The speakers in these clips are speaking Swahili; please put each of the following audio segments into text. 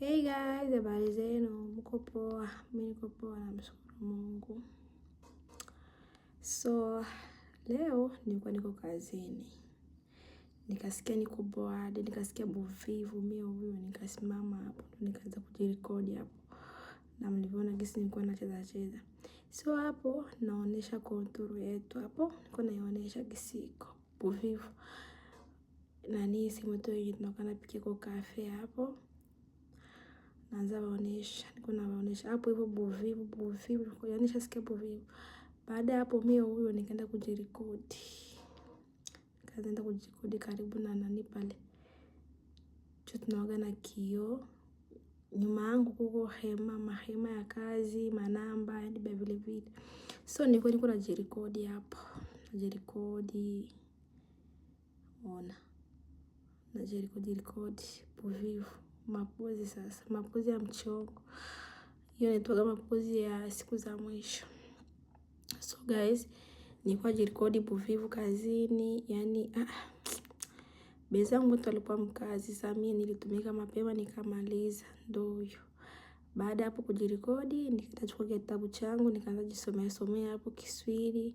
Hey guys, habari zenu? Mko poa? Mi niko poa, namshukuru Mungu. So leo nilikuwa niko kazini, nikasikia niko bored, nikasikia buvivu mio huyo, nikasimama hapo, nikaanza kujirekodi hapo, na mlivyoona gisi nilikuwa nacheza cheza. So hapo naonesha konturu yetu hapo, niko naionesha gisi iko bovivu, nani simu yetu tunakana pike kafe hapo naanza maonesha, niko na maonesha hapo hivyo bovivu bovivu, yaani nishasikia bovivu. Baada ya hapo mimi huyo nikaenda kujirekodi, nikaenda kujirekodi karibu na nani pale cho tunaoga na kioo. Nyuma yangu kuko hema, mahema ya kazi, manamba, yani ba vile vile. So niko niko najirekodi hapo, najirekodi ona, najirekodi rekodi bovivu mapozi sasa, mapozi ya mchongo, hiyo inaitwa mapozi ya siku za mwisho. So guys, nilikuwa jirikodi buvivu kazini, yani ah, ah. bezangu mtu alikuwa mkazi sasa, nilitumika mapema nikamaliza, ndio huyo. Baada hapo kujirekodi, nikachukua kitabu changu nikaanza jisomea somea hapo Kiswahili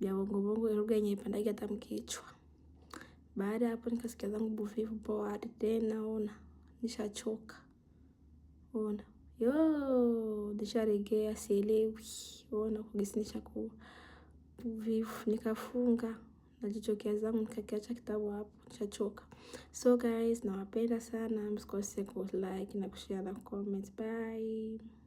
ya bongo bongo, lugha yenye ipandaki hata mkichwa. Baada hapo nikasikia zangu buvivu poa, tena ona nishachoka. Ona yo, nisharegea sielewi. Ona kugesi nishaku vifu, nikafunga najichokea zangu, nikakiacha kitabu hapo, nishachoka. So guys, nawapenda sana, msikose ku like na kushare na comment. Bye.